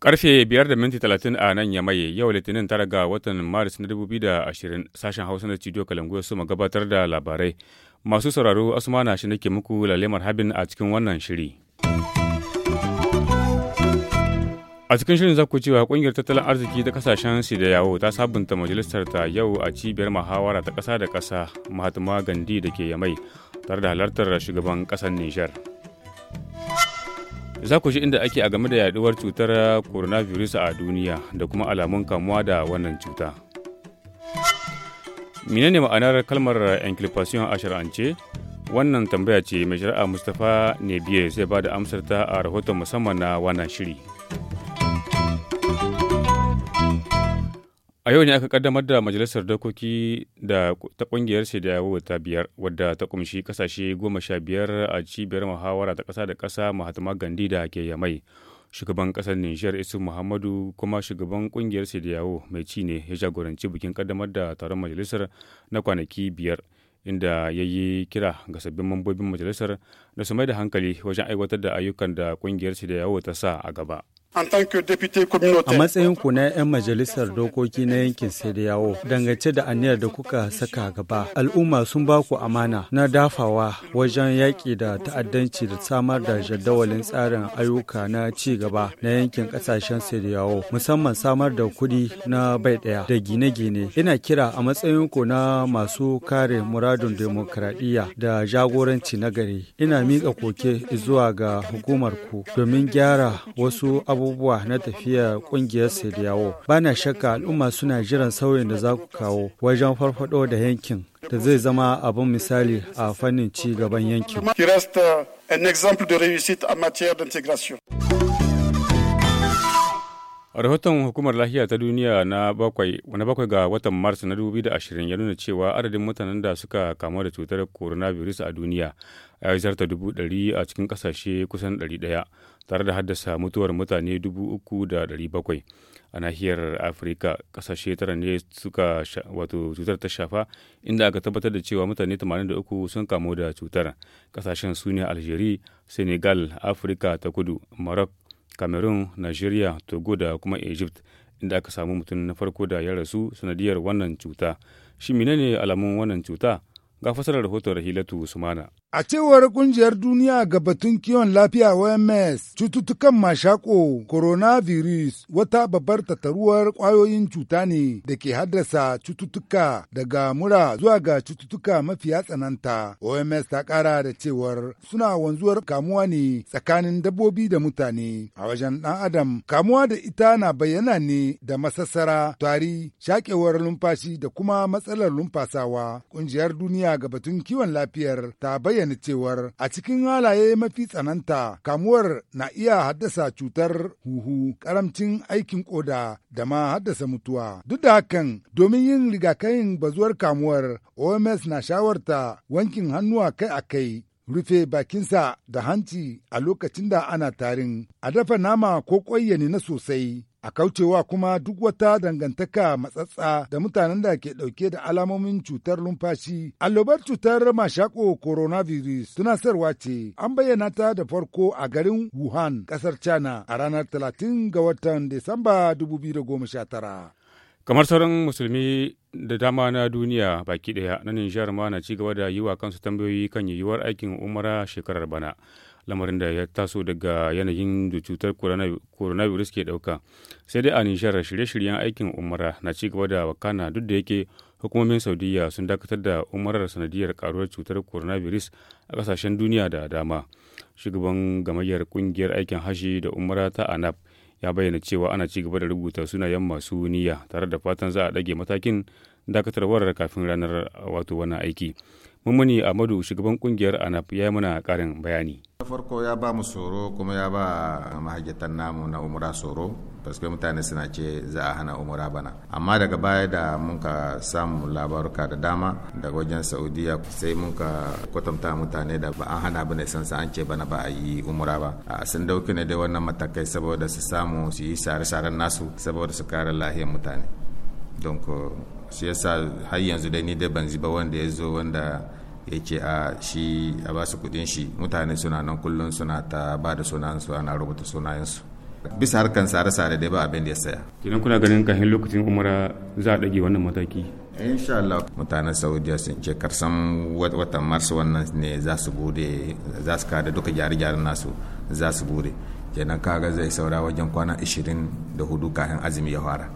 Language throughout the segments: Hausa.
Karfe biyar da minti talatin a nan ya maye yau litinin tara ga watan Maris na 2020 sashen Hausa na studio Kalangu ya suma gabatar da labarai. Masu sauraro Asmana shi nake muku lalemar habin a cikin wannan shiri. A cikin shirin za ku cewa kungiyar tattalin arziki ta kasashen da yawo ta sabunta majalisar ta yau a cibiyar muhawara ta ƙasa da ƙasa Mahatma Gandhi da ke Yamai tare da halartar shugaban ƙasar Nijar. Za ku ji inda ake a game da yaduwar cutar coronavirus a duniya da kuma alamun kamuwa da wannan cuta. Menene ma'anar kalmar enclipation a shar'ance? Wannan tambaya ce mai shari'a Mustapha Nebiye zai ba da ta a rahoton musamman na wannan shiri. A yau ne aka kaddamar da Majalisar Dokoki da ta kungiyar Shaidawo ta biyar wadda ta kumshi kasashe goma sha biyar a cibiyar muhawara ta kasa da kasa Mahatma Gandhi da ke Yamai. Shugaban ƙasar Nijar Isu Muhammadu kuma shugaban kungiyar Shaidawo mai ci ne ya jagoranci bikin kaddamar da taron majalisar na kwanaki biyar inda ya yi kira ga sabbin mambobin majalisar da su mai da hankali wajen aiwatar da ayyukan da kungiyar Shaidawo ta sa a gaba. A matsayin ku na 'yan majalisar dokoki na yankin Sadiyawo, dangance da aniyar da kuka saka gaba, al'umma sun ba ku amana na dafawa wajen yaƙi da ta'addanci da samar da jadawalin tsarin ayyuka na ci gaba na yankin ƙasashen sediyawo musamman samar da kuɗi na bai ɗaya da gine-gine. Ina kira a matsayin ku na masu kare muradun demokradiyya da jagoranci na gari. Ina miƙa koke zuwa ga hukumar ku domin gyara wasu abubuwa abubuwa na tafiya kungiyar sadiyawo Ba na shakka al'umma suna jiran sauyin da za ku kawo wajen farfado da yankin da zai zama abin misali a fannin ci gaban yankin. an a rahoton hukumar lahiya ta duniya na bakwai na bakwai ga watan mars na 2020 ya nuna cewa adadin mutanen da suka kamu da cutar coronavirus a duniya ya yi zarta dubu ɗari a cikin kasashe kusan ɗari ɗaya tare da haddasa mutuwar mutane dubu uku da ɗari bakwai a nahiyar afirka ƙasashe tara ne suka wato cutar ta shafa inda aka tabbatar da cewa mutane tamanin 83 sun kamu da cutar kasashen su ne algeria senegal afirka ta kudu maroc cameroon nigeria togo da kuma egypt inda aka samu mutum na farko da ya rasu sanadiyar wannan cuta shi menene alamun wannan cuta ga fasarar rahoton rahilatu sumana A cewar kungiyar duniya ga batun kiwon lafiya OMS, cututtukan mashako coronavirus wata babbar tattaruwar kwayoyin cuta ne da ke haddasa cututtuka daga mura zuwa ga cututtuka mafiya tsananta. OMS ta kara da cewar suna wanzuwar kamuwa ne tsakanin dabbobi da mutane. A wajen ɗan adam, kamuwa da ita na bayyana ne da masassara, tari, shakewar numfashi, da kuma matsalar numfasawa, Kungiyar duniya ga batun kiwon lafiyar ta bayyana bayyana cewar a cikin halaye mafi tsananta kamuwar na iya haddasa cutar huhu, karamcin aikin koda da ma haddasa mutuwa. Duk da hakan domin yin rigakafin bazuwar kamuwar OMS na shawarta wankin hannuwa kai a kai rufe bakinsa da hanci a lokacin da ana tarin, a dafa nama ko ƙwayyane na sosai, a kaucewa kuma duk wata dangantaka matsatsa da mutanen da ke dauke da alamomin cutar lumfashi. Allobar cutar mashako coronavirus tunasarwa ce an bayyana ta da farko a garin Wuhan, kasar China a ranar 30 ga watan Disamba 2019. Kamar sauran musulmi da dama na duniya baki ɗaya na Nijar ma na ci gaba da yi wa kansu tambayoyi kan yiwuwar aikin umara shekarar bana. lamarin da ya taso daga yanayin da cutar coronavirus ke ɗauka sai dai a nishar shirye-shiryen aikin umara na ci gaba da wakana duk da yake hukumomin saudiya sun dakatar da umarar sanadiyar karuwar cutar coronavirus a kasashen duniya da dama shugaban gamayyar kungiyar aikin hashi da umara ta anap ya bayyana cewa ana ci gaba da rubuta sunayen masu niyya tare da fatan za a dage matakin dakatarwar kafin ranar wato wani aiki mummuni amadu shugaban kungiyar anap ya yi mana karin bayani farko ya ba mu tsoro kuma ya ba mahajjatan namu na umura tsoro paske mutane suna ce za a hana umura bana amma daga baya da muka samu labaruka da dama daga wajen saudiya sai muka kwatanta mutane da ba an hana bane san an ce bana ba a yi umura ba a sun dauki ne dai wannan matakai saboda su samu su yi sare-saren nasu saboda su kare lahiyar mutane don shi yasa har yanzu dai ni dai ban ziba ba wanda ya zo wanda ya ce a shi a ba su kudin shi mutane suna nan kullum suna ta ba da sunayensu ana rubuta sunayensu bisa harkan sare-sare dai ba abin da ya saya kenan kuna ganin kahin lokacin umara za a dage wannan mataki insha Allah mutanen saudiya sun ce karsan watan mars wannan ne za su bude za su kada duka gyare-gyaren nasu za su bude kenan kaga zai saura wajen kwana 24 kafin azumi ya fara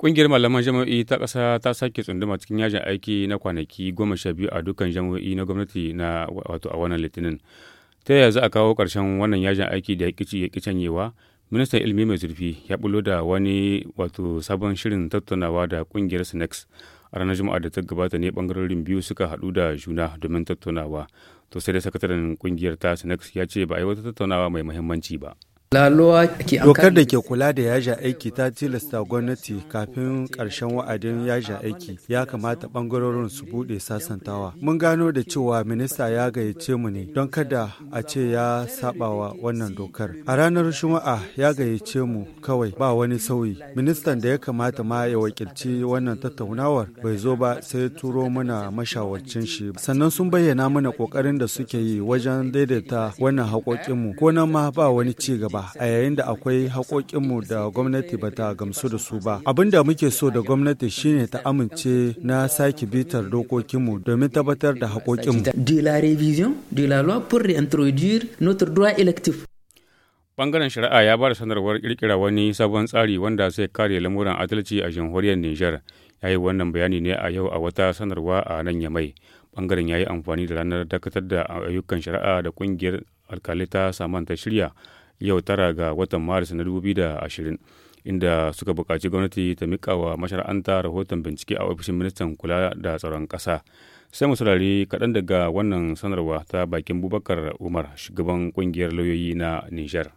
Ƙungiyar malaman jami'o'i ta ƙasa ta sake tsunduma cikin yajin aiki na kwanaki goma sha biyu a dukkan jami'o'i na gwamnati na wato a wannan litinin. Ta yaya za a kawo ƙarshen wannan yajin aiki da ya ƙi ya canyewa? Ministan ilimi mai zurfi ya bulo da wani wato sabon shirin tattaunawa da ƙungiyar Sinex a ranar Juma'a da ta gabata ne bangarorin biyu suka haɗu da juna domin tattaunawa. To sai da sakataren ƙungiyar ta Sinex ya ce ba a yi wata tattaunawa mai muhimmanci ba. Dokar da ke kula da yaja aiki ta tilasta gwamnati kafin ƙarshen wa'adin yaja aiki ya kamata ɓangarorin su buɗe sasantawa. Mun gano da cewa minista ya gayyace mu ne don kada a ce ya sabawa wannan dokar. A ranar Juma'a ya gayyace mu kawai ba wani sauyi. Ministan da ya kamata ma ya wakilci wannan tattaunawar bai zo ba sai turo mana mashawarcin shi. Sannan sun bayyana mana ƙoƙarin da suke yi wajen daidaita wannan haƙoƙinmu ko nan ma ba wani ci gaba. ba a yayin da akwai haƙoƙinmu da gwamnati ba ta gamsu da su ba. Abin da muke so da gwamnati shine ta amince na sake bitar dokokinmu domin tabbatar da haƙoƙinmu. De la revision de la loi pour réintroduire notre droit électif. Bangaren shari'a ya ba da sanarwar kirkira wani sabon tsari wanda zai kare lamuran adalci a jamhuriyar niger Ya yi wannan bayani ne a yau a wata sanarwa a nan Yamai. Bangaren ya yi amfani da ranar dakatar da ayyukan shari'a da kungiyar alkalita saman ta shirya yau tara ga watan maris na 2020 inda suka buƙaci gwamnati ta miƙa wa mashara'anta rahoton bincike a ofishin ministan kula da tsaron ƙasa sai mu saurari kaɗan daga wannan sanarwa ta bakin bubakar umar shugaban ƙungiyar lauyoyi na nijar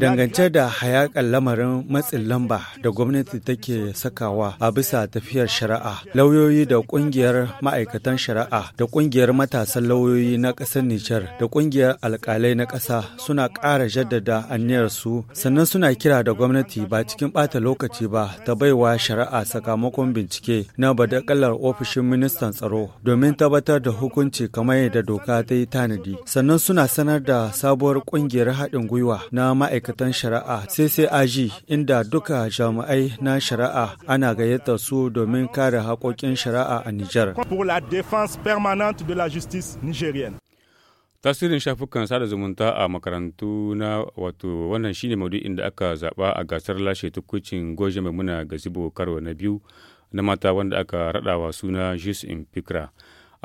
Dangance da hayakan lamarin matsin lamba da gwamnati take sakawa a bisa tafiyar shari'a, lauyoyi da kungiyar ma'aikatan shari'a da kungiyar matasan lauyoyi na ƙasar Nijar da kungiyar alkalai na ƙasa suna ƙara jaddada su, sannan suna kira da gwamnati ba cikin ɓata lokaci ba ta baiwa shari'a sakamakon bincike na badakalar ofishin ministan tsaro domin tabbatar da hukunci kamar yadda doka ta yi tanadi. Sannan suna sanar da sabuwar kungiyar haɗin gwiwa na ma'aikatan shari'a ccig inda duka jami'ai na shari'a ana gayyatar su domin kare haƙoƙin shari'a a Nijar. Tasirin shafukan sada zumunta a makarantu na wato wannan shine maudu'in da aka zaba a gasar lashe tukucin goje maimuna gazibo karo na biyu na mata wanda aka raɗawa suna Jus in Fikra.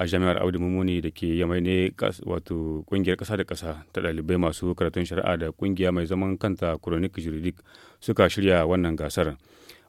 a jami'ar audu mumuni da ke yamai ne wato kungiyar kasa da kasa ta dalibai masu karatun shari'a da kungiya mai zaman kanta kronik juridik suka shirya wannan gasar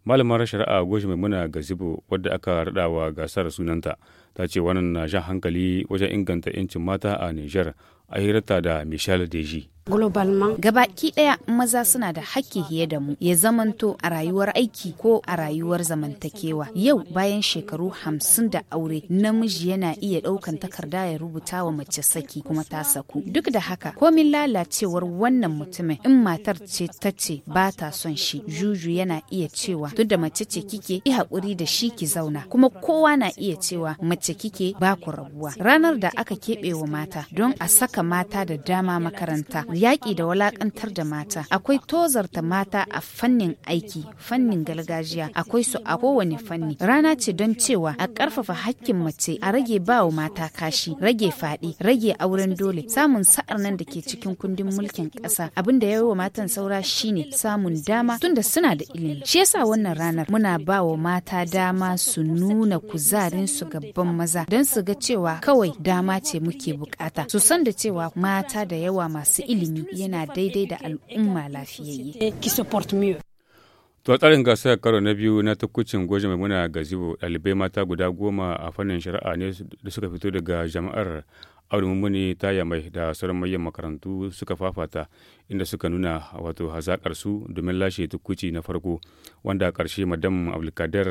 malamar shari'a goshi maimuna gazibo wadda aka wa gasar sunanta ta ce wannan na jan hankali wajen inganta 'yancin mata a niger a hirarta da michel deji Gabaki ɗaya maza suna da haƙƙi fiye da mu ya zamanto a rayuwar aiki ko a rayuwar zamantakewa. Yau bayan shekaru hamsin da aure namiji yana iya ɗaukan takarda ya rubuta wa mace saki kuma ta saku. Duk da haka komin lalacewar wannan mutumin in matar ce ta ce ba ta son shi juju yana iya cewa duk da mace ce kike yi haƙuri da shi ki zauna kuma kowa na iya cewa mace kike ba ku rabuwa. Ranar da aka keɓe wa mata don a saka mata da dama makaranta yaƙi da walakantar da mata akwai tozarta mata a fannin aiki fannin gargajiya akwai su a kowane fanni rana ce don cewa a ƙarfafa hakkin mace a rage bawa mata kashi rage faɗi rage auren dole samun sa'ar nan da ke cikin kundin mulkin ƙasa abin da ya yi wa matan saura shine samun dama tunda suna da ilimi shi yasa wannan ranar muna ba wa mata dama su nuna kuzarin su gaban maza don su ga cewa kawai dama ce muke bukata su san da cewa mata da yawa masu ilimi ilimi yana daidai da al'umma lafiyayye. To tsarin gasar karo na biyu na tukucin goje mai muna gazibo ɗalibai mata guda goma a fannin shari'a ne da suka fito daga jama'ar aurumuni ta mai da sauran manyan makarantu suka fafata inda suka nuna wato hazakar su domin lashe tukuci na farko wanda a ƙarshe madam abdulkadir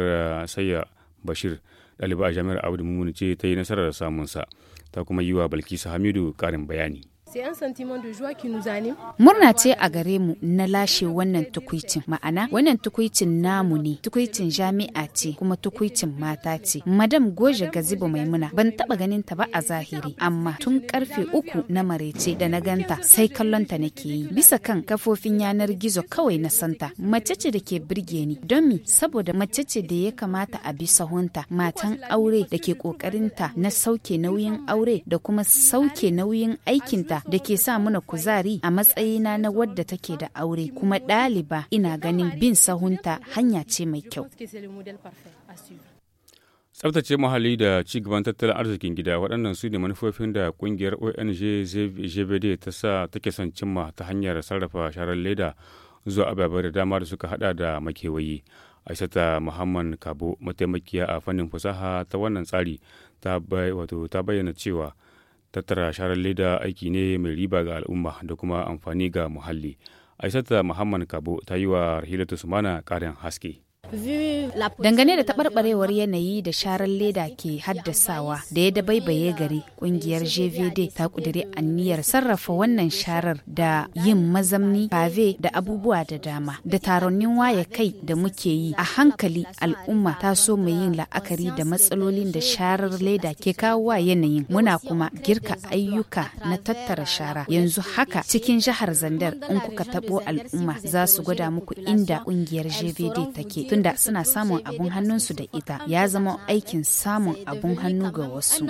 sayya bashir ɗalibai a jami'ar aurumuni ce ta yi nasarar samunsa ta kuma yi wa balkisa hamidu ƙarin bayani. Murna ce a gare mu na lashe wannan tukwicin ma'ana wannan tukwicin namu ne tukwicin jami'a ce kuma tukwicin mata ce. Madam Goje gaziba Maimuna ban taba ganin ta ba a zahiri amma tun karfe uku na marece da na ganta sai kallon ta nake yi bisa kan kafofin yanar gizo kawai na santa mace ce da ke birge ni don mi saboda mace ce da ya kamata a bi sahunta matan aure da ke kokarinta na sauke nauyin aure da kuma sauke nauyin aikinta da ke sa mana kuzari a matsayina na wadda take da aure kuma ɗaliba ina ganin bin sahunta hanya ce mai kyau. tsabtace muhalli da ci gaban tattalin arzikin gida waɗannan su ne manufofin da ƙungiyar ong gbd ta sa take son cimma ta hanyar sarrafa sharar leda zuwa ababe da dama da suka hada da makewayi aishata muhammad kabo mataimakiya a fannin fasaha ta wannan tsari ta bayyana cewa tattara sharar leda aiki ne mai riba ga al'umma da kuma amfani ga muhalli aisata muhammad kabo ta yi wa rahilatu sumana ƙarin haske Dangane da taɓarɓarewar yanayi da sharar leda ke haddasawa da ya dabaibaye gari ƙungiyar JVD ta ƙudiri anniyar sarrafa wannan sharar da yin mazamni pave da abubuwa da dama. Da taronin waya kai da muke yi a hankali al'umma ta so mu yin la'akari da matsalolin da sharar leda ke kawo wa yanayin. Muna kuma girka ayyuka na tattara shara. Yanzu haka cikin jihar Zandar in kuka taɓo al'umma za su gwada muku inda ƙungiyar JVD take. tunda suna samun abun hannunsu da ita ya zama aikin samun abun hannu ga wasu.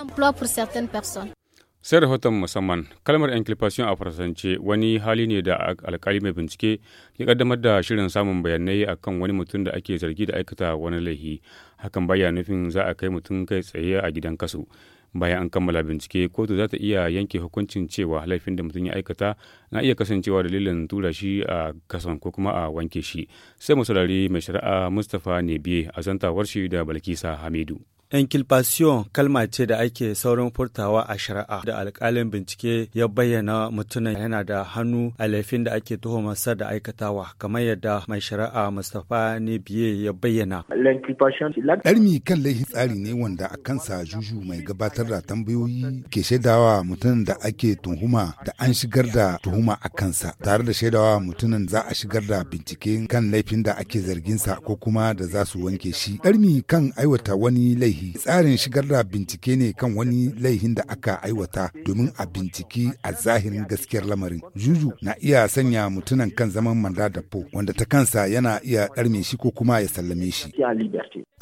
Sai rahoton musamman kalmar inculpation a faransanci wani hali ne da alkali mai bincike ya kaddamar da shirin samun bayanai kan wani mutum da ake zargi da aikata wani laifi hakan baya nufin za a kai mutum kai tsaye a gidan kasu bayan an kammala bincike kotu za ta iya yanke hukuncin cewa laifin da mutum ya aikata na iya kasancewa dalilin tura shi a kasan ko kuma a wanke shi sai mu saurari mai shari'a mustapha nebiye a zantawar shi da balkisa hamidu Inculpation kalma ce da ake saurin furtawa a shari'a da alkalin bincike ya bayyana mutumin yana da hannu a laifin da ake tuhumarsa da aikatawa kamar yadda mai shari'a Mustapha Nebiye ya bayyana. Ɗarmi kan laifin tsari ne wanda a kansa juju mai gabatar da tambayoyi ke shaidawa mutumin da ake tuhuma da an shigar da tuhuma a kansa tare da shaidawa mutumin za a shigar da bincike kan laifin da ake zarginsa ko kuma da za su wanke shi. Ɗarmi kan aiwata wani laifi tarihi tsarin shigar da bincike ne kan wani laihin da aka aiwata domin a binciki a zahirin gaskiyar lamarin juju na iya sanya mutunan kan zaman manda da po wanda ta kansa yana iya ɗarme shi ko kuma ya sallame shi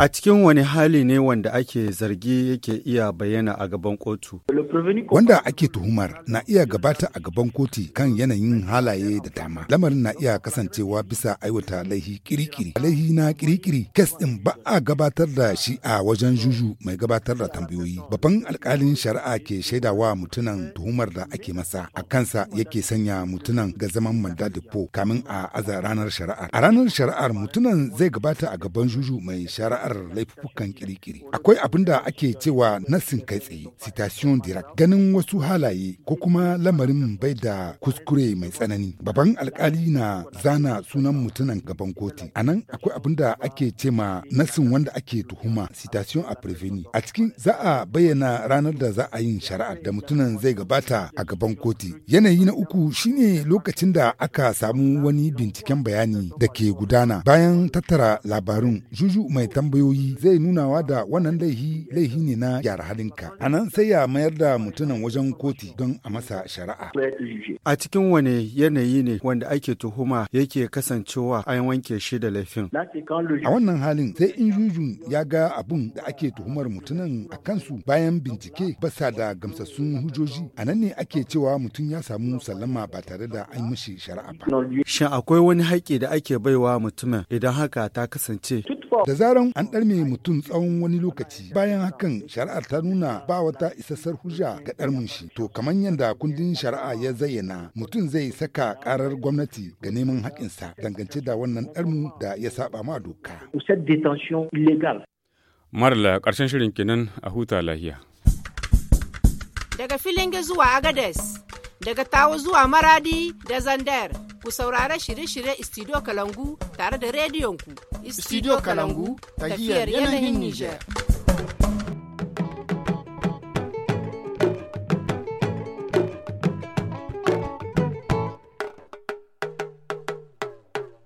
A cikin wani hali ne wanda ake zargi yake iya bayyana a gaban kotu? Wanda ake tuhumar na iya gabata a gaban kotu kan yanayin halaye da dama. Lamarin na iya kasancewa bisa aiwata laihi kirikiri. Laihi na kirikiri, kes din ba a gabatar da shi a wajen juju mai gabatar da tambayoyi. Babban alkalin shari'a ke shaidawa mutunan tuhumar da ake masa. A kansa yake sanya mutunan ga zaman manda kamin a aza ranar shari'ar. A ranar shari'ar mutunan zai gabata a gaban juju mai shari'ar shari'ar laifukan kirikiri. Akwai abin da ake cewa nassin kai tsaye, citation direct, ganin wasu halaye ko kuma lamarin bai da kuskure mai tsanani. Baban alkali na zana sunan mutunan gaban koti. A nan akwai abin da ake ce ma nassin wanda ake tuhuma, citation a preveni. A cikin za a bayyana ranar da za a yin shari'a. da mutunan zai gabata a gaban koti. Yanayi na uku shine lokacin da aka samu wani binciken bayani da ke gudana bayan tattara labarun juju mai tambayi tambayoyi zai nunawa da wannan laihi laihi ne na gyara halinka a nan sai ya mayar da mutumin wajen koti don a masa shari'a a cikin wani yanayi ne wanda ake tuhuma yake kasancewa an wanke shi da laifin a wannan halin sai in jujun ya ga abun da ake tuhumar mutumin a kansu bayan bincike ba sa da gamsassun hujoji a nan ne ake cewa mutum ya samu sallama ba tare da an mishi shari'a ba shin akwai wani haƙƙi da ake baiwa mutumin idan haka ta kasance da zaran an an mai mutum tsawon wani lokaci bayan hakan shari'ar ta nuna ba wata isassar hujja ga ɗarmin shi to kamar yadda kundin shari'a ya zayyana mutum zai saka karar gwamnati ga neman haƙinsa dangance da wannan ɗarmu da ya saba ma doka. Marla ƙarshen shirin kenan a huta lahiya. Daga filin zuwa Agades. daga tawo zuwa maradi da zandar ku saurara shirye-shirye studio kalangu tare da rediyonku studio kalangu tafiyar yanayin niger